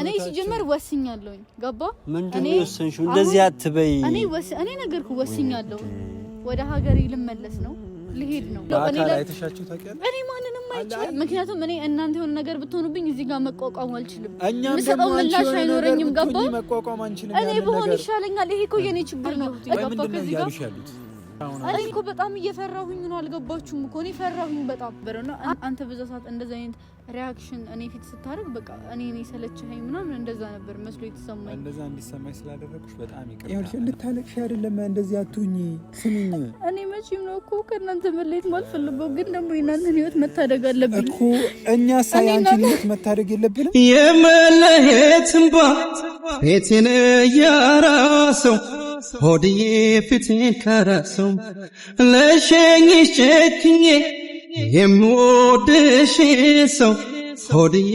እኔ ሲጀመር ወስኛለሁኝ። ገባ ምንድን ነው እንደዚህ አትበይ። እኔ እኔ ነገርኩ፣ ወስኛለሁ። ወደ ሀገሬ ልመለስ ነው ልሄድ ነው። እኔ ማንንም አይችልም። ምክንያቱም እኔ እናንተ የሆነ ነገር ብትሆኑብኝ እዚህ ጋር መቋቋም አልችልም። ደግሞ ምላሽ አይኖረኝም። ገባ እኔ ብሆን ይሻለኛል። ይሄ እኮ የእኔ ችግር ነው። ከዚህ ጋር እኔ እኮ በጣም እየፈራሁኝ ነው። አልገባችሁም እኮ እኔ ፈራሁኝ በጣም በረና አንተ በዛ ሰዓት እንደዛ አይነት ሪያክሽን እኔ ፊት ስታደርግ በቃ እኔ እኔ ሰለችኸኝ ምናምን እንደዛ ነበር መስሎ የተሰማኝ። እንደዛ እንዲሰማኝ ስላደረኩሽ በጣም ይቅርታ። ይኸውልሽ እንድታለቅሽ አይደለም እንደዚህ አትሁኝ። ስሚኝ፣ እኔ መቼም ነው እኮ ከእናንተ መለየት ማልፈልገው፣ ግን ደግሞ የእናንተን ህይወት መታደግ አለብኝ እኮ እኛ ሳያንቺን ህይወት መታደግ የለብንም የመለየት እንባ ቤቴን እያራሰው ሆድዬ ፊትን ከረሱም ልሸኝሽ ችዬ የምወድሽን ሰው ሆድዬ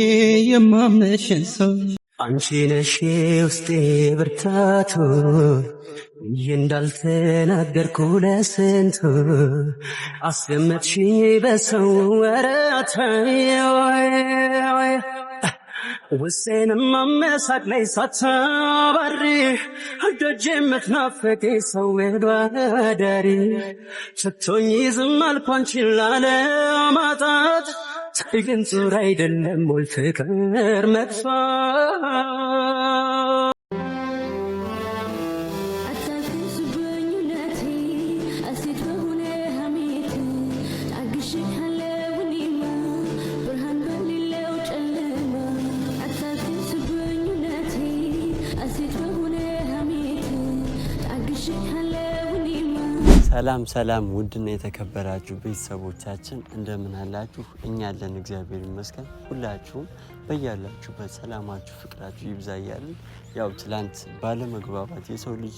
የማምነሽን ሰው አንቺ ነሽ ውስጤ ብርታቱ ብዬ እንዳልተናገርኩ ለስንቱ አስገመጥሽ በሰው ወረታይ ውሴንም አመሳቅ ላይ ሳታባሪ ደጅ የምትናፈቅ ሰው ሄዷ አዳሪ ስቶኝ ዝም አልኩ አንቺን ላለማጣት ሳይገን ዙር አይደለም ሞል ፍቅር መጥፋት ሰላም ሰላም፣ ውድና የተከበራችሁ ቤተሰቦቻችን እንደምን አላችሁ? እኛ ያለን እግዚአብሔር ይመስገን። ሁላችሁም በያላችሁበት ሰላማችሁ፣ ፍቅራችሁ ይብዛ እያልን ያው ትላንት ባለመግባባት የሰው ልጅ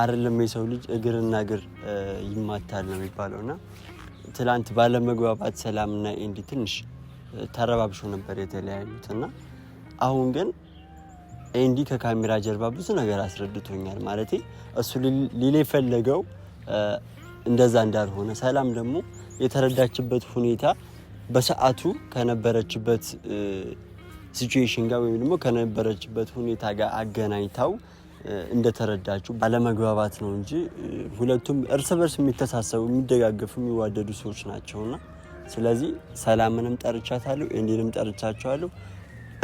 አይደለም የሰው ልጅ እግርና እግር ይማታል ነው የሚባለውና ትላንት ባለመግባባት ሰላምና ኤንዲ ትንሽ ተረባብሾ ነበር የተለያዩት እና አሁን ግን ኤንዲ ከካሜራ ጀርባ ብዙ ነገር አስረድቶኛል። ማለት እሱ ሊል የፈለገው እንደዛ እንዳልሆነ ሰላም ደግሞ የተረዳችበት ሁኔታ በሰዓቱ ከነበረችበት ሲቹዌሽን ጋር ወይም ደግሞ ከነበረችበት ሁኔታ ጋር አገናኝታው እንደተረዳችው ባለመግባባት ነው እንጂ ሁለቱም እርስ በርስ የሚተሳሰቡ የሚደጋገፉ፣ የሚዋደዱ ሰዎች ናቸውና ስለዚህ ሰላምንም ጠርቻታለሁ እንዲንም ጠርቻቸዋለሁ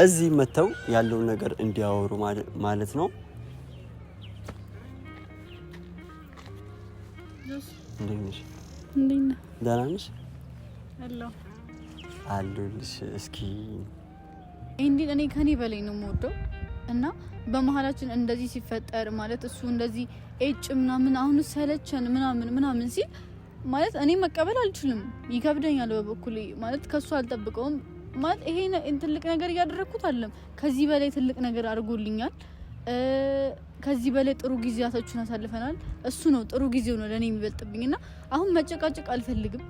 እዚህ መጥተው ያለውን ነገር እንዲያወሩ ማለት ነው። እንዴት ነሽ? እንዴት ነህ? ደህና ነሽ? አለሁልሽ። እስኪ እንዴት እኔ ከኔ በላይ ነው የምወደው እና በመሀላችን እንደዚህ ሲፈጠር ማለት እሱ እንደዚህ ኤጭ ምናምን አሁን ሰለቸን ምናምን ምናምን ሲል ማለት እኔ መቀበል አልችልም፣ ይከብደኛል በበኩሌ ማለት ከሱ አልጠብቀውም ማለት ይሄ ትልቅ ነገር እያደረግኩት አለም ከዚህ በላይ ትልቅ ነገር አድርጎልኛል። ከዚህ በላይ ጥሩ ጊዜያቶችን አሳልፈናል። እሱ ነው ጥሩ ጊዜው ነው ለእኔ የሚበልጥብኝ እና አሁን መጨቃጨቅ አልፈልግም።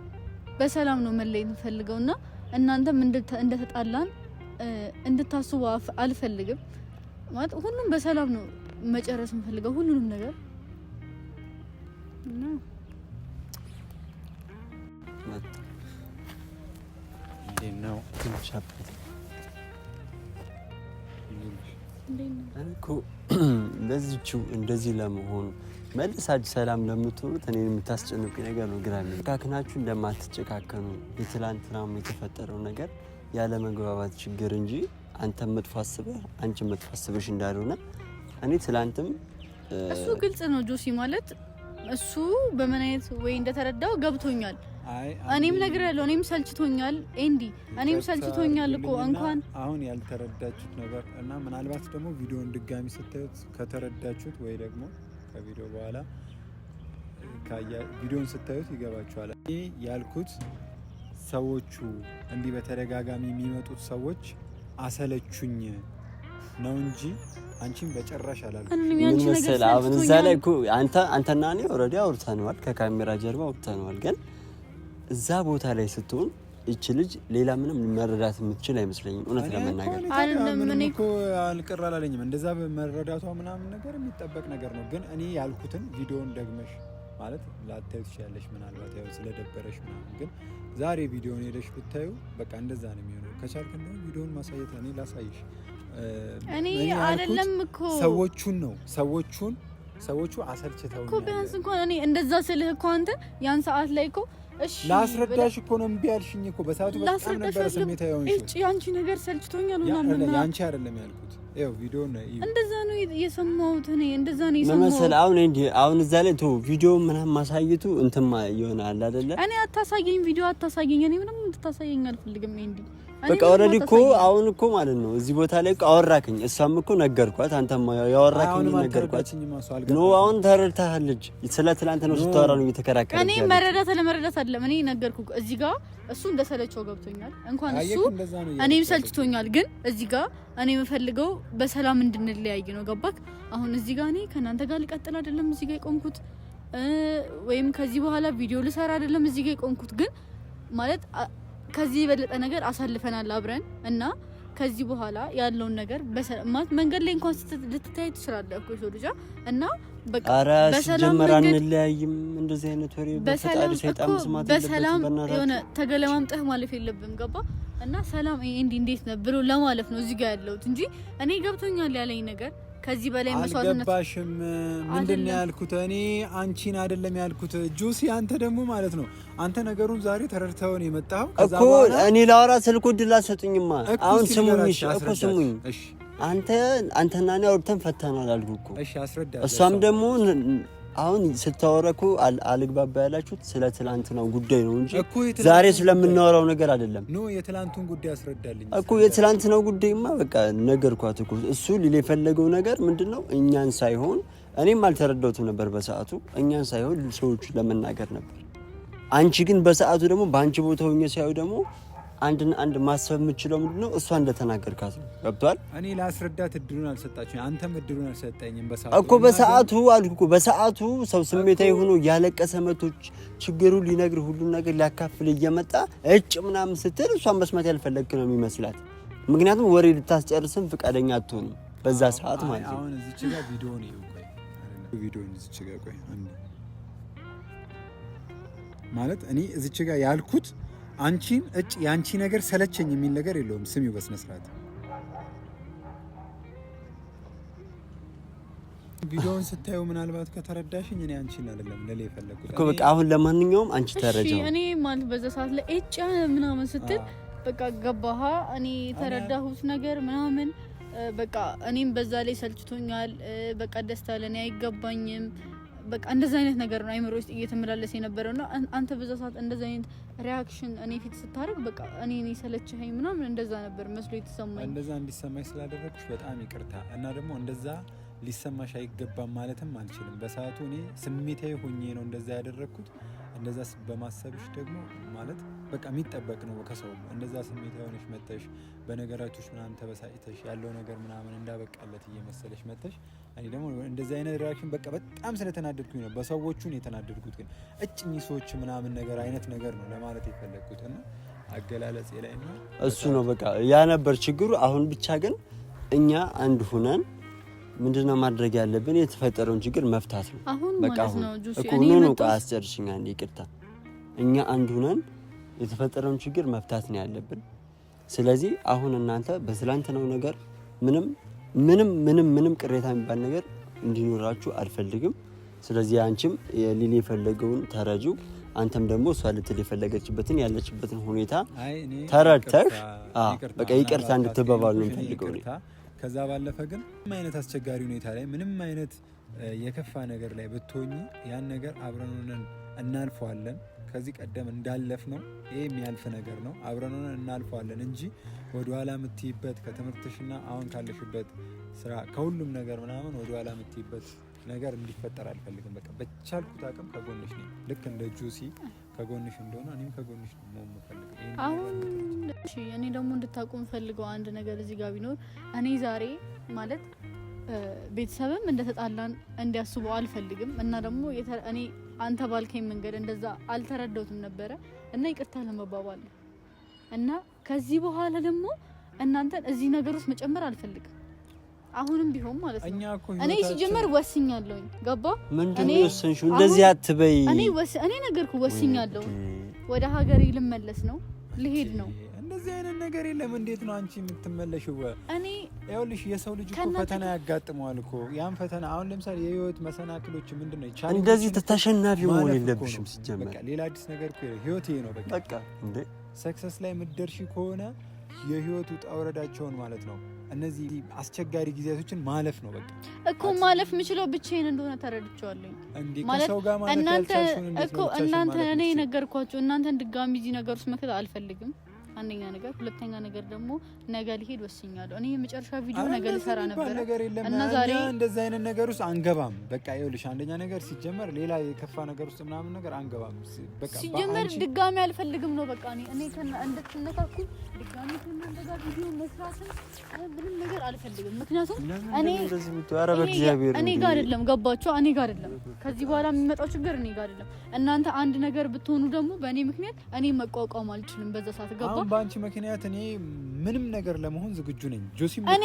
በሰላም ነው መለየት የምፈልገው እና እናንተም እንደተጣላን እንድታስቡ አልፈልግም። ማለት ሁሉም በሰላም ነው መጨረስ የምፈልገው ሁሉንም ነገር ነው ለዚችው እንደዚህ ለመሆኑ መልሳችሁ ሰላም ለምትሆኑት እኔን የምታስጨንቁ ነገር ነው። ግራ ጨካክናችሁ እንደማትጨካከኑ የትላንትናም የተፈጠረው ነገር ያለ መግባባት ችግር እንጂ አንተ መጥፎ አስበህ አንቺ መጥፎ አስበሽ እንዳልሆነ እኔ ትላንትም እሱ ግልጽ ነው። ጆሲ ማለት እሱ በምን አይነት ወይ እንደተረዳው ገብቶኛል። እኔም ነግሬያለሁ። እኔም ሰልችቶኛል ኤንዲ፣ እኔም ሰልችቶኛል እኮ እንኳን አሁን ያልተረዳችሁት ነገር እና ምናልባት ደግሞ ቪዲዮን ድጋሚ ስታዩት ከተረዳችሁት ወይ ደግሞ ከቪዲዮ በኋላ ቪዲዮን ስታዩት ይገባችኋል። ይህ ያልኩት ሰዎቹ እንዲህ በተደጋጋሚ የሚመጡት ሰዎች አሰለቹኝ ነው እንጂ አንቺን በጨራሽ አላልኩም። አንተና እኔ ኦልሬዲ አውርተነዋል፣ ከካሜራ ጀርባ አውርተነዋል ግን እዛ ቦታ ላይ ስትሆን እች ልጅ ሌላ ምንም መረዳት የምትችል አይመስለኝም። እውነት ለመናገር አልቅር አላለኝም። እንደዛ መረዳቷ ምናምን ነገር የሚጠበቅ ነገር ነው። ግን እኔ ያልኩትን ቪዲዮን ደግመሽ ማለት ላታዩ ትችያለሽ፣ ምናልባት ያው ስለደበረሽ ምናምን። ግን ዛሬ ቪዲዮን ሄደሽ ብታዩ በቃ እንደዛ ነው የሚሆነው። ከቻልክ እንደው ቪዲዮን ማሳየት እኔ ላሳይሽ። እኔ አይደለም እኮ ሰዎቹን ነው ሰዎቹን ሰዎቹ አሰልችተው እኮ ቢያንስ እንኳን እኔ እንደዛ ስልህ እኮ አንተ ያን ሰዓት ላይ እኮ ላስረዳሽ እኮ ነው እምቢ ያልሽኝ እኮ በሰዓቱ በጣም ነበረ ስሜታ የሆንሽ። እጭ ያንቺ ነገር ሰልችቶኛል ነው ምናምን ያንቺ አይደለም ያልኩት። ይኸው ቪዲዮ ነው እንደዛ ነው የሰማሁት እኔ እንደዛ ነው የሰማሁት መሰል። አሁን እንዲ አሁን እዛ ላይ ተው ቪዲዮ ምናምን ማሳየቱ እንትማ ይሆናል አይደለ? እኔ አታሳየኝ፣ ቪዲዮ አታሳየኝ። እኔ ምንም እንድታሳየኝ አልፈልግም እንዲ በቃ ኦልሬዲ እኮ አሁን እኮ ማለት ነው እዚህ ቦታ ላይ አወራክኝ። እሷም እኮ ነገርኳት፣ አንተም ያወራክኝ ነገርኳት። ኖ አሁን ተረድታለች። ስለ ትላንት ነው ስታወራ ነው እየተከራከረ። እኔ መረዳት ለመረዳት አይደለም እኔ ነገርኩ። እዚህ ጋር እሱ እንደሰለቸው ገብቶኛል። እንኳን እሱ እኔም ሰልችቶኛል። ግን እዚህ ጋር እኔ የምፈልገው በሰላም እንድንለያይ ነው። ገባክ? አሁን እዚህ ጋር እኔ ከእናንተ ጋር ልቀጥል አይደለም እዚህ ጋር የቆምኩት፣ ወይም ከዚህ በኋላ ቪዲዮ ልሰራ አይደለም እዚህ ጋር የቆምኩት ግን ማለት ከዚህ የበለጠ ነገር አሳልፈናል አብረን እና ከዚህ በኋላ ያለውን ነገር ማለት መንገድ ላይ እንኳን ልትታይ ትችላለህ እኮ የሰው ልጃ እና በሰላም የሆነ ተገለማምጠህ ማለፍ የለብም ገባ እና ሰላም እንዲ እንዴት ነው ብሎ ለማለፍ ነው እዚህ ጋር ያለሁት እንጂ እኔ ገብቶኛል ያለኝ ነገር ከዚህ በላይ መስዋዕትነት አልገባሽም። ምንድን ያልኩት? እኔ አንቺን አይደለም ያልኩት ጆሲ፣ አንተ ደግሞ ማለት ነው። አንተ ነገሩን ዛሬ ተረድተው ነው የመጣው እኮ። እኔ ላወራ ስልኩ ድል አልሰጡኝማ። አሁን ስሙኝ እኮ ስሙኝ። አንተ አንተና እኔ አውርተን ፈተናል አልኩ እኮ። እሷም ደግሞ አሁን ስታወራ እኮ አልግባባ ያላችሁት ስለ ትላንትናው ጉዳይ ነው እንጂ ዛሬ ስለምናወራው ነገር አይደለም። ኖ የትላንቱን ጉዳይ አስረዳልኝ እኮ የትላንትናው ጉዳይማ በቃ ነገርኳት እኮ። እሱ ሊል የፈለገው ነገር ምንድነው እኛን ሳይሆን እኔም አልተረዳሁትም ነበር በሰዓቱ እኛን ሳይሆን ሰዎቹ ለመናገር ነበር። አንቺ ግን በሰዓቱ ደግሞ በአንቺ ቦታ ሆኜ ሳይሆን ደግሞ አንድን አንድ ማሰብ የምችለው ምንድን ነው እሷ እንደተናገርካት ነው። ገብቷል። እኔ ላስረዳት እድሉን አልሰጣችሁኝ፣ አንተም እድሉን አልሰጠኝም። በሰዓቱ እኮ በሰዓቱ አልኩ እኮ በሰዓቱ ሰው ስሜታዊ ሆኖ ያለቀሰ መቶች ችግሩ ሊነግር ሁሉን ነገር ሊያካፍል እየመጣ እጭ ምናምን ስትል እሷን መስማት ያልፈለግክ ነው የሚመስላት። ምክንያቱም ወሬ ልታስጨርስም ፍቃደኛ አትሆንም በዛ ሰዓት ማለት ነው። ማለት እኔ እዚች ጋር ያልኩት አንቺን እጭ የአንቺ ነገር ሰለቸኝ የሚል ነገር የለውም። ስሚው በስነ ስርዓት ቪዲዮውን ስታዩ ምናልባት ከተረዳሽኝ እኔ አንቺን አይደለም ለሌ የፈለኩት እኮ በቃ አሁን ለማንኛውም አንቺ እሺ እኔ ማለት በዛ ሰዓት ላይ እጭ ምናምን ስትል በቃ ገባሃ እኔ የተረዳሁት ነገር ምናምን በቃ እኔም በዛ ላይ ሰልችቶኛል። በቃ ደስታ ለኔ አይገባኝም። በቃ እንደዚህ አይነት ነገር ነው አይምሮ ውስጥ እየተመላለሰ የነበረው እና አንተ በዛ ሰዓት እንደዚህ አይነት ሪያክሽን እኔ ፊት ስታደርግ በቃ እኔ ነኝ ሰለችኸኝ ምናምን እንደዛ ነበር መስሎ የተሰማኝ። እንደዛ እንዲሰማኝ ስላደረግሽ በጣም ይቅርታ እና ደግሞ እንደዛ ሊሰማሽ አይገባም ማለትም አልችልም። በሰዓቱ እኔ ስሜታዊ ሆኜ ነው እንደዛ ያደረግኩት። እንደዛ በማሰብሽ ደግሞ ማለት በቃ የሚጠበቅ ነው ከሰው እንደዛ ስሜት የሆነሽ መተሽ በነገራቶች ምናምን ተበሳጭተሽ ያለው ነገር ምናምን እንዳበቃለት እየመሰለሽ መተሽ። እኔ ደግሞ እንደዚህ አይነት ሪያክሽን በቃ በጣም ስለተናደድኩኝ ነው በሰዎቹን የተናደድኩት። ግን እጭኝ ሰዎች ምናምን ነገር አይነት ነገር ነው ለማለት የፈለግኩት እና አገላለጽ ላይ እሱ ነው በቃ ያ ነበር ችግሩ። አሁን ብቻ ግን እኛ አንድ ሁነን ምንድነው ማድረግ ያለብን? የተፈጠረውን ችግር መፍታት ነው። በቃ ነው አስጨርሽኝ፣ አንዴ ይቅርታ። እኛ አንድ ሁነን የተፈጠረውን ችግር መፍታት ነው ያለብን። ስለዚህ አሁን እናንተ በትላንትናው ነገር ምንም ምንም ምንም ምንም ቅሬታ የሚባል ነገር እንዲኖራችሁ አልፈልግም። ስለዚህ አንቺም ሊል የፈለገውን ተረጁ፣ አንተም ደግሞ እሷ ልትል የፈለገችበትን ያለችበትን ሁኔታ ተረድተህ በቃ ይቅርታ እንድትበባሉ ነው የምፈልገው። ከዛ ባለፈ ግን ምንም አይነት አስቸጋሪ ሁኔታ ላይ ምንም አይነት የከፋ ነገር ላይ ብትሆኝ ያን ነገር አብረን እናልፈዋለን። ከዚህ ቀደም እንዳለፍ ነው። ይህ የሚያልፍ ነገር ነው። አብረን እናልፈዋለን እንጂ ወደኋላ የምትይበት ከትምህርትሽና አሁን ካለሽበት ስራ ከሁሉም ነገር ምናምን ወደኋላ የምትይበት ነገር እንዲፈጠር አልፈልግም። በቃ በቻልኩት አቅም ከጎንሽ ነኝ። ልክ እንደ ጁሲ ከጎንሽ እንደሆነ እኔም ከጎንሽ ነው መሆን የምፈልገው። እኔ ደግሞ እንድታውቁ የምፈልገው አንድ ነገር እዚህ ጋር ቢኖር እኔ ዛሬ ማለት ቤተሰብም እንደተጣላን እንዲያስቡ አልፈልግም እና ደግሞ እኔ አንተ ባልከኝ መንገድ እንደዛ አልተረዳሁትም ነበረ እና ይቅርታ ለመባባል እና ከዚህ በኋላ ደግሞ እናንተን እዚህ ነገር ውስጥ መጨመር አልፈልግም። አሁንም ቢሆን ማለት ነው እኔ ሲጀመር ወስኛለሁኝ። ገባ እኔ እንደዚህ አትበይ። እኔ ነገርኩ፣ ወስኛለሁ። ወደ ሀገሬ ልመለስ ነው፣ ልሄድ ነው እንደዚህ አይነት ነገር የለም። እንዴት ነው አንቺ የምትመለሽው? እኔ ይኸውልሽ የሰው ልጅ እኮ ፈተና ያጋጥመዋል እኮ ያን ፈተና አሁን ለምሳሌ የህይወት መሰናክሎች ምንድን ነው ይቻላል። እንደዚህ ተሸናፊ መሆን የለብሽም። ሲጀመር ሌላ አዲስ ነገር እኮ ህይወት ይሄ ነው በቃ በቃ። እንዴ ሰክሰስ ላይ የምትደርሺ ከሆነ የህይወቱ ውጣ ማለት ነው እነዚህ አስቸጋሪ ጊዜያቶችን ማለፍ ነው በቃ እኮ ማለፍ የምችለው ብቻዬን እንደሆነ ተረድቼዋለሁ። እናንተ እኮ እናንተ እኔ ነገርኳቸው። እናንተን ድጋሚ እዚህ ነገር ውስጥ መክተት አልፈልግም። አንደኛ ነገር፣ ሁለተኛ ነገር ደግሞ ነገ ሊሄድ ወስኛለሁ። እኔ የመጨረሻ ቪዲዮ ነገ ልሰራ ነበር እና ዛሬ እንደዛ አይነት ነገር ውስጥ አንገባም። በቃ ይኸውልሽ፣ አንደኛ ነገር ሲጀመር ሌላ የከፋ ነገር ውስጥ ምናምን ነገር አንገባም። በቃ ሲጀመር ድጋሚ አልፈልግም ነው በቃ እኔ እኔ እንድትነካኩ ድጋሚ ከእናንተ ጋር ቪዲዮ መስራትም ምንም ነገር አልፈልግም። ምክንያቱም እኔ እኔ ጋር አይደለም፣ ገባችሁ? እኔ ጋር አይደለም። ከዚህ በኋላ የሚመጣው ችግር እኔ ጋር አይደለም። እናንተ አንድ ነገር ብትሆኑ ደግሞ በእኔ ምክንያት እኔ መቋቋም አልችልም። በዛ ሰዓት ገባ አሁን በአንቺ ምክንያት እኔ ምንም ነገር ለመሆን ዝግጁ ነኝ። ጆሲ እኔም እኮ ልክ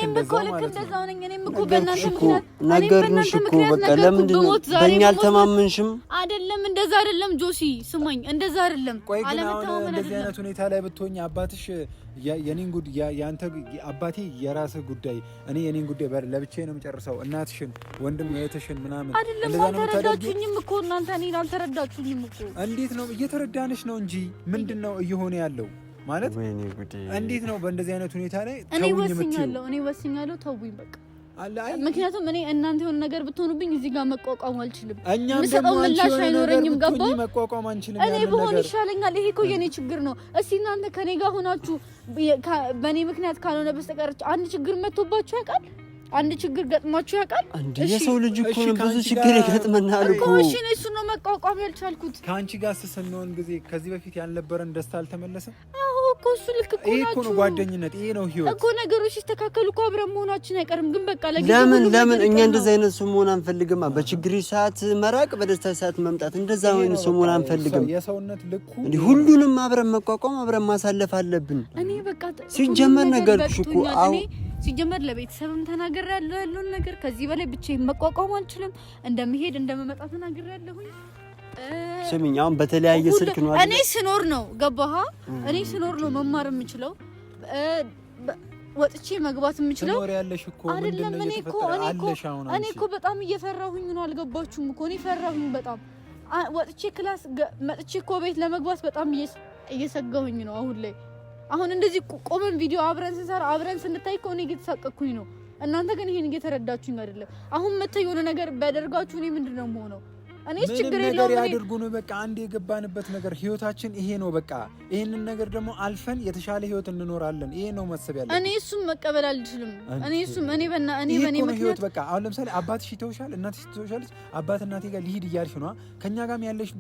እንደዛው ነኝ። እኔም እኮ በእናንተ ምክንያት ነገርንሽ እኮ በቃ ለምንድን ነው በእኛ አልተማመንሽም? አይደለም እንደዛ አይደለም ጆሲ ስማኝ፣ እንደዛ አይደለም። ቆይ ግን አሁን እንደዚህ አይነት ሁኔታ ላይ ብትሆኝ አባትሽ የኔን ጉድ የአንተ አባቴ የራስህ ጉዳይ፣ እኔ የኔን ጉዳይ ለብቻዬ ነው የምጨርሰው። እናትሽን፣ ወንድም የእህትሽን ምናምን አይደለም። አልተረዳችሁኝም እኮ እናንተ እኔን አልተረዳችሁኝም እኮ። እንዴት ነው እየተረዳንሽ ነው እንጂ ምንድን ነው እየሆነ ያለው? ማለት እንዴት ነው በእንደዚህ አይነት ሁኔታ ላይ እኔ ወስኛለሁ እኔ ወስኛለሁ ተውኝ በቃ ምክንያቱም እኔ እናንተ የሆነ ነገር ብትሆኑብኝ እዚህ ጋር መቋቋም አልችልም ምላሽ አይኖረኝም ገባ እኔ በሆን ይሻለኛል ይሄ እኮ ችግር ነው እስቲ እናንተ ከኔ ጋር ሆናችሁ በእኔ ምክንያት ካልሆነ በስተቀር አንድ ችግር መጥቶባችሁ ያውቃል አንድ ችግር ገጥሟችሁ ያውቃል? የሰው ልጅ እኮ ብዙ ችግር ይገጥመናል እኮ። እሺ እሱ ነው መቋቋም ያልቻልኩት። ከአንቺ ጋር ስንሆን ጊዜ ከዚህ በፊት ያልነበረን ደስታ አልተመለሰም። እኮ እሱ ልክ እኮ ነው ጓደኝነት፣ ይሄ ነው ህይወት እኮ። ነገሮች ሲስተካከሉ እኮ አብረን መሆናችን አይቀርም፣ ግን በቃ ለምን ለምን እኛ እንደዛ አይነት ሰው መሆን አንፈልግማ። በችግር ሰዓት መራቅ፣ በደስታ ሰዓት መምጣት፣ እንደዛ አይነት ሰው መሆን አንፈልግም። የሰውነት ልኩ እንዴ ሁሉንም አብረን መቋቋም፣ አብረን ማሳለፍ አለብን። እኔ በቃ ሲጀመር ነገር እኮ አሁን ሲጀመር ለቤተሰብም ተናገር ያለውን ነገር ከዚህ በላይ ብቻዬን መቋቋም አልችልም። እንደምሄድ እንደምመጣ ተናገር ስሚኝ፣ አሁን በተለያየ ስልክ ነው አይደል? እኔ ስኖር ነው ገባሃ? እኔ ስኖር ነው መማር የምችለው ወጥቼ መግባት የምችለው እኮ አይደለም። እኔ እኮ እኔ እኮ በጣም እየፈራሁኝ ነው። አልገባችሁም እኮ እኔ ፈራሁኝ በጣም ወጥቼ ክላስ መጥቼ እኮ ቤት ለመግባት በጣም እየሰጋሁኝ ነው አሁን ላይ። አሁን እንደዚህ ቆመን ቪዲዮ አብረን ስንሰራ አብረን ስንታይ እኮ እኔ እየተሳቀኩኝ ነው። እናንተ ግን ይሄን እየተረዳችሁኝ አይደለም። አሁን መተህ የሆነ ነገር ቢያደርጋችሁ እኔ ምንድን ነው የምሆነው? እኔስ ችግር ነገር ያድርጉን። በቃ አንድ የገባንበት ነገር ህይወታችን ይሄ ነው። በቃ ይሄንን ነገር ደግሞ አልፈን የተሻለ ህይወት እንኖራለን። ይሄ ነው ያለ። እኔ እሱም መቀበል አልችልም። እኔ እሱም እኔ በና እኔ በኔ ምክንያት በቃ አሁን ለምሳሌ አባትሽ ይተውሻል፣ እናትሽ አባት እናቴ ጋር ሊሂድ እያልሽ ነው። ከኛ ጋርም ያለሽ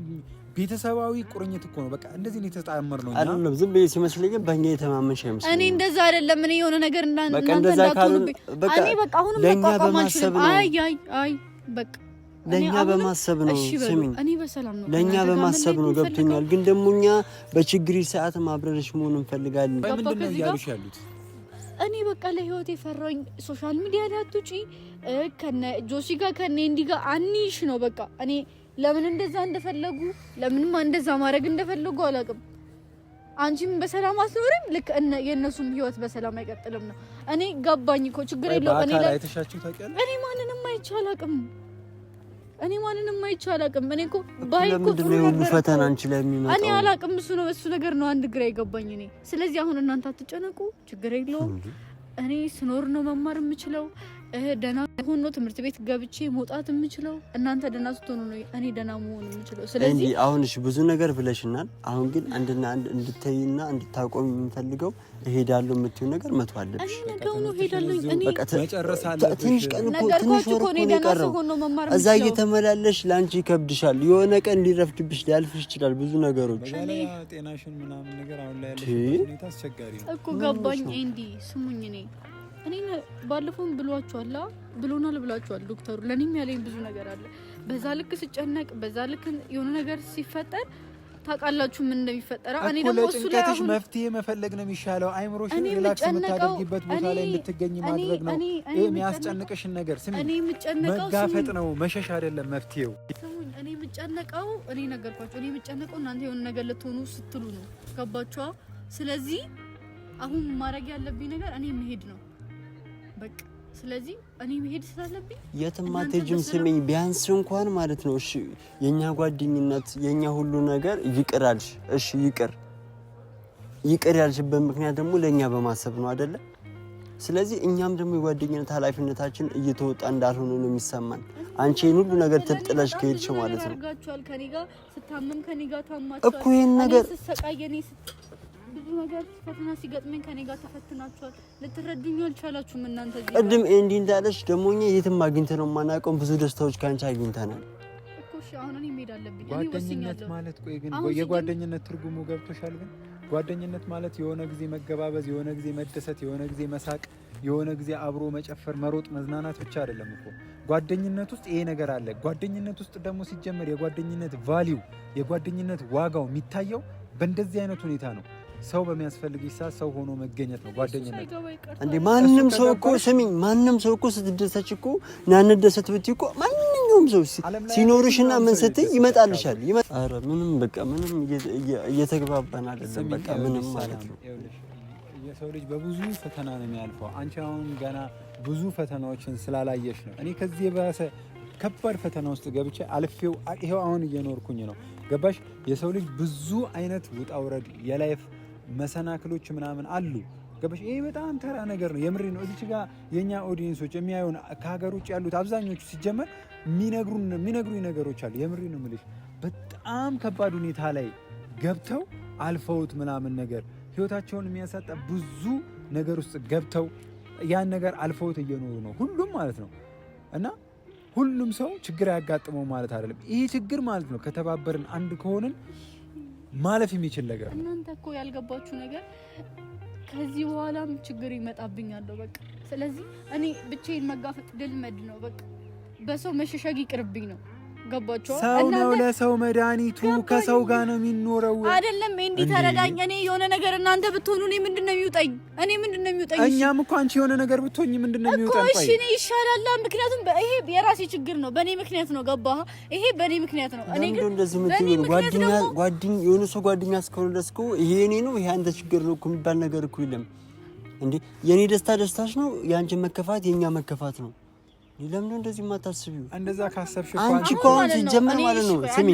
ቤተሰባዊ ቁርኝት እኮ ነው። በቃ እንደዚህ ነው የተጣመር ነው አይደለም። ዝም ብዬ ሲመስለኝ በእኛ የተማመንሽ አይመስለኝ። እኔ እንደዛ አይደለም። እኔ የሆነ ነገር እንዳን በቃ በቃ እኔ በቃ አሁንም መቋቋም አልችልም። አይ አይ አይ በቃ ለእኛ በማሰብ ነው። ስሚኝ፣ ለእኛ በማሰብ ነው። ገብቶኛል። ግን ደግሞ እኛ በችግር ሰዓት ማብረርሽ መሆን እንፈልጋለን። በምንድን ነው እያሉሽ ያሉት? እኔ በቃ ለህይወት የፈራኝ ሶሻል ሚዲያ ላይ አትውጪ፣ ከነ ጆሲ ጋር ከነ እንዲ ጋር አንይሽ ነው በቃ። እኔ ለምን እንደዛ እንደፈለጉ ለምንም እንደዛ ማድረግ እንደፈለጉ አላውቅም። አንቺም በሰላም አትኖሪም፣ ልክ የእነሱም ህይወት በሰላም አይቀጥልም ነው። እኔ ገባኝ እኮ ችግር የለው። እኔ ማንንም አይቼ አላውቅም። እኔ ማንንም አይቼ አላውቅም። እኔ እኮ ባይኮ ፈተና አንቺ ላይ የሚመጣው እኔ አላውቅም። እሱ ነው እሱ ነገር ነው አንድ ግራ ይገባኝ እኔ። ስለዚህ አሁን እናንተ አትጨነቁ፣ ችግር የለውም። እኔ ስኖር ነው መማር የምችለው ደና ሆኖ ትምህርት ቤት ገብቼ መውጣት የምችለው። እናንተ ደና ስትሆኑ ነው እኔ ደና መሆን የምችለው። ስለዚህ አሁን እሺ፣ ብዙ ነገር ብለሽናል። አሁን ግን አንድና አንድ እንድታይና እንድታቆም የምንፈልገው እሄዳለሁ የምትይው ነገር መቶ አለብሽ። ትንሽ ቀን እኮ ትንሽ ወር እኮ ነው የቀረው። እዛ እየተመላለሽ ለአንቺ ይከብድሻል። የሆነ ቀን ሊረፍድብሽ ሊያልፍሽ ይችላል። ብዙ ነገሮች ጤናሽን ምናምን ነገር አሁን ላይ ያለሽ ሁኔታ አስቸጋሪ ነው እኮ ገባኝ። እንዲ ስሙኝ እኔ እኔ ባለፈውም ብሏቸዋላ ብሎናል ብሏቸዋል ዶክተሩ። ለእኔም ያለኝ ብዙ ነገር አለ። በዛ ልክ ስጨነቅ፣ በዛ ልክ የሆነ ነገር ሲፈጠር ታውቃላችሁ ምን እንደሚፈጠረ። እኔ ደግሞ እሱ ላይ አሁን መፍትሄ መፈለግ ነው የሚሻለው። አይምሮሽ ሪላክስ የምታደርጊበት ቦታ ላይ እንድትገኝ ማድረግ ነው። ይህ የሚያስጨንቅሽን ነገር ስሚ፣ መጋፈጥ ነው መሸሽ አይደለም መፍትሄው። እኔ የምጨነቀው እኔ ነገርኳቸው፣ እኔ የምጨነቀው እናንተ የሆነ ነገር ልትሆኑ ስትሉ ነው። ገባችኋ? ስለዚህ አሁን ማድረግ ያለብኝ ነገር እኔ መሄድ ነው። በቃ ስለዚህ እኔ መሄድ ስላለብኝ የትም አትሄጂም። ስሜኝ ቢያንስ እንኳን ማለት ነው እሺ፣ የኛ ጓደኝነት የኛ ሁሉ ነገር ይቅር አልሽ። እሺ ይቅር ይቅር ያልሽበት ምክንያት ደግሞ ለእኛ በማሰብ ነው አይደለ? ስለዚህ እኛም ደግሞ የጓደኝነት ኃላፊነታችን እየተወጣ እንዳልሆነ ነው የሚሰማን። አንቺ ይህን ሁሉ ነገር ትጥለሽ ከሄድሽ ማለት ነው እኮ ይህን ነገር ብዙ ነገር ፈተና ሲገጥመኝ ከኔ ጋር ተፈትናችኋል። ልትረዱኝ አልቻላችሁም እናንተ። ቅድም እንዲህ እንዳለች ደግሞ እኛ የትም አግኝተን ነው የማናውቀውን ብዙ ደስታዎች ከአንቺ አግኝተናል። ጓደኝነት ማለት ቆይ ግን የጓደኝነት ትርጉሙ ገብቶሻል? ግን ጓደኝነት ማለት የሆነ ጊዜ መገባበዝ፣ የሆነ ጊዜ መደሰት፣ የሆነ ጊዜ መሳቅ፣ የሆነ ጊዜ አብሮ መጨፈር፣ መሮጥ፣ መዝናናት ብቻ አይደለም እኮ ጓደኝነት ውስጥ ይሄ ነገር አለ። ጓደኝነት ውስጥ ደግሞ ሲጀመር የጓደኝነት ቫሊው የጓደኝነት ዋጋው የሚታየው በእንደዚህ አይነት ሁኔታ ነው። ሰው በሚያስፈልግ ሰዓት ሰው ሆኖ መገኘት ነው ጓደኝነት። እንደ ማንም ሰው እኮ ስሚኝ፣ ማንም ሰው እኮ ስትደሰች እኮ ደሰት ብት እኮ ማንኛውም ሰው ሲኖርሽና ምን ስትይ ይመጣልሻል። ኧረ ምንም በቃ ምንም እየተግባባን አይደለም። በቃ ምንም ማለት ነው። የሰው ልጅ በብዙ ፈተና ነው የሚያልፈው። አንቺ አሁን ገና ብዙ ፈተናዎችን ስላላየሽ ነው። እኔ ከዚህ የባሰ ከባድ ፈተና ውስጥ ገብቼ አልፌው ይሄው አሁን እየኖርኩኝ ነው። ገባሽ? የሰው ልጅ ብዙ አይነት ውጣ ውረድ የላይፍ መሰናክሎች ምናምን አሉ። ገበሽ ይሄ በጣም ተራ ነገር ነው። የምሬ ነው። እዚች ጋር የእኛ ኦዲየንሶች የሚያዩን ከሀገር ውጭ ያሉት አብዛኞቹ ሲጀመር የሚነግሩኝ ነገሮች አሉ። የምሬ ነው የምልሽ በጣም ከባድ ሁኔታ ላይ ገብተው አልፈውት ምናምን ነገር ህይወታቸውን የሚያሳጣ ብዙ ነገር ውስጥ ገብተው ያን ነገር አልፈውት እየኖሩ ነው ሁሉም ማለት ነው እና ሁሉም ሰው ችግር አያጋጥመው ማለት አይደለም። ይህ ችግር ማለት ነው ከተባበርን አንድ ከሆንን ማለፍ የሚችል ነገር እናንተ እኮ ያልገባችሁ ነገር ከዚህ በኋላም ችግር ይመጣብኛል። በቃ ስለዚህ እኔ ብቻዬን መጋፈጥ ድልመድ ነው። በቃ በሰው መሸሸግ ይቅርብኝ ነው ገባቸው ሰው ነው ለሰው መድኃኒቱ። ከሰው ጋር ነው የሚኖረው። አይደለም እንዴ? ተረዳኝ። እኔ የሆነ ነገር እናንተ ብትሆኑ እኔ ምንድን ነው የሚውጠኝ? እኔ ምንድን ነው የሚውጠኝ? እኛም እኮ አንቺ የሆነ ነገር ብትሆኝ ምንድን ነው የሚውጠኝ? እሺ እኔ ይሻላል። ምክንያቱም ይሄ የራሴ ችግር ነው፣ በእኔ ምክንያት ነው። ገባህ? ይሄ በእኔ ምክንያት ነው። እኔ ግን እንደዚህ የምትይው ጓደኛ ጓደኛ የሆነ ሰው ጓደኛ እስከሆነ ድረስ እኮ ይሄ እኔ ነው ይሄ አንተ ችግር ነው እኮ የሚባል ነገር እኮ የለም እንዴ። የእኔ ደስታ ደስታሽ ነው፣ የአንቺ መከፋት የእኛ መከፋት ነው። ለምን እንደዚህ የማታስቢው? እንደዛ ካሰብሽ አንቺ እኮ አሁን ሲጀመር ማለት ነው ስሚ፣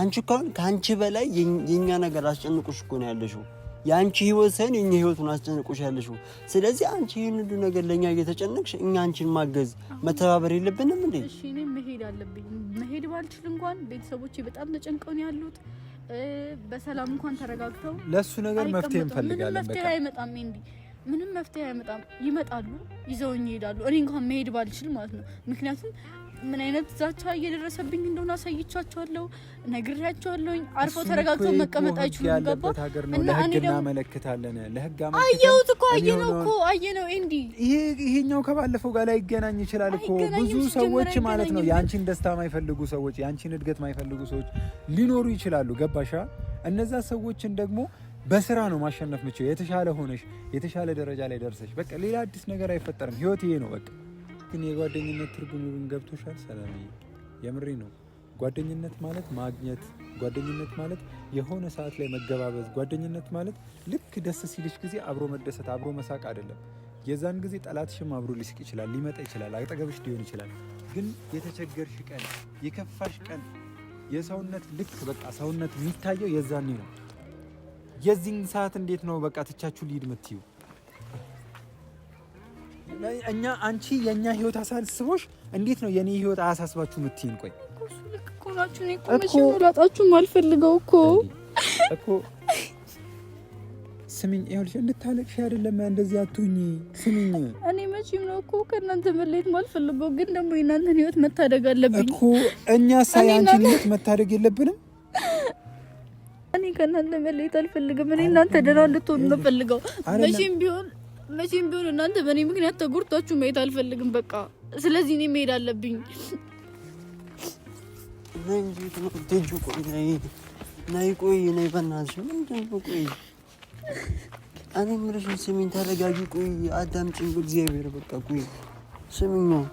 አንቺ እኮ አሁን ከአንቺ በላይ የኛ ነገር አስጨንቁሽ እኮ ነው ያለሽው። የአንቺ ህይወት ሳይሆን የኛ ህይወቱን አስጨንቁሽ ያለሽው። ስለዚህ አንቺ ይህን ሁሉ ነገር ለእኛ እየተጨነቅሽ እኛ አንቺን ማገዝ መተባበር የለብንም እንዴ? እሺ እኔ መሄድ አለብኝ። መሄድ ባልችል እንኳን ቤተሰቦቼ በጣም ተጨንቀው ነው ያሉት። በሰላም እንኳን ተረጋግተው ለእሱ ነገር መፍትሄ እንፈልጋለን። በቃ መፍትሄ አይመጣም እንዴ? ምንም መፍትሄ አይመጣም። ይመጣሉ፣ ይዘውኝ ይሄዳሉ። እኔ እንኳን መሄድ ባልችል ማለት ነው። ምክንያቱም ምን አይነት ዛቻ እየደረሰብኝ እንደሆነ አሳይቻቸዋለሁ፣ ነግሬያቸዋለሁኝ። አርፎ ተረጋግቶ መቀመጥ አይችሉም። ገባ እና እኔ ደግሞ መለክታለን። ለህግ አየሁት እኮ አየነው እኮ አየነው። ኤንዲ ይሄኛው ከባለፈው ጋር ላይገናኝ ይችላል እኮ። ብዙ ሰዎች ማለት ነው የአንቺን ደስታ ማይፈልጉ ሰዎች፣ የአንቺን እድገት ማይፈልጉ ሰዎች ሊኖሩ ይችላሉ። ገባሻ? እነዛ ሰዎችን ደግሞ በስራ ነው ማሸነፍ ምችው የተሻለ ሆነሽ የተሻለ ደረጃ ላይ ደርሰሽ በቃ ሌላ አዲስ ነገር አይፈጠርም። ህይወት ይሄ ነው በቃ። ግን የጓደኝነት ትርጉም ግን ገብቶሻል ሰላም? የምሬ ነው። ጓደኝነት ማለት ማግኘት፣ ጓደኝነት ማለት የሆነ ሰዓት ላይ መገባበዝ፣ ጓደኝነት ማለት ልክ ደስ ሲልሽ ጊዜ አብሮ መደሰት፣ አብሮ መሳቅ አይደለም። የዛን ጊዜ ጠላትሽም አብሮ ሊስቅ ይችላል፣ ሊመጣ ይችላል፣ አጠገብሽ ሊሆን ይችላል። ግን የተቸገርሽ ቀን፣ የከፋሽ ቀን፣ የሰውነት ልክ በቃ ሰውነት የሚታየው የዛኔ ነው። የዚህን ሰዓት እንዴት ነው በቃ ትቻችሁ ሊድ ምትዩ? እኛ አንቺ የኛ ህይወት አሳስቦሽ እንዴት ነው የኔ ህይወት አያሳስባችሁ ምትይን? ቆይ እኮ ላጣችሁም አልፈልገው እኮ እኮ ስሚኝ፣ ይኸውልሽ እንድታለቅሽ አይደለም እንደዚህ አትሁኝ። ስሚኝ፣ እኔ መቼም ነው እኮ ከእናንተ መለየት ማልፈልገው፣ ግን ደግሞ የእናንተን ህይወት መታደግ አለብኝ እኮ እኛ ሳይ አንቺን ህይወት መታደግ የለብንም እኔ ከእናንተ መለየት አልፈልግም። እኔ እናንተ ደህና እንድትሆኑ ነው ፈልገው። መቼም ቢሆን መቼም ቢሆን እናንተ በእኔ ምክንያት ተጎድታችሁ ማየት አልፈልግም። በቃ ስለዚህ እኔ መሄድ አለብኝ። ናይ ቆይ ናይ በእናትሽ ምንድን ቆይ እኔ የምልሽን ስሚኝ፣ ተረጋጊ። ቆይ አዳምጪኝ፣ በእግዚአብሔር በቃ ቆይ ስሚኝ ነው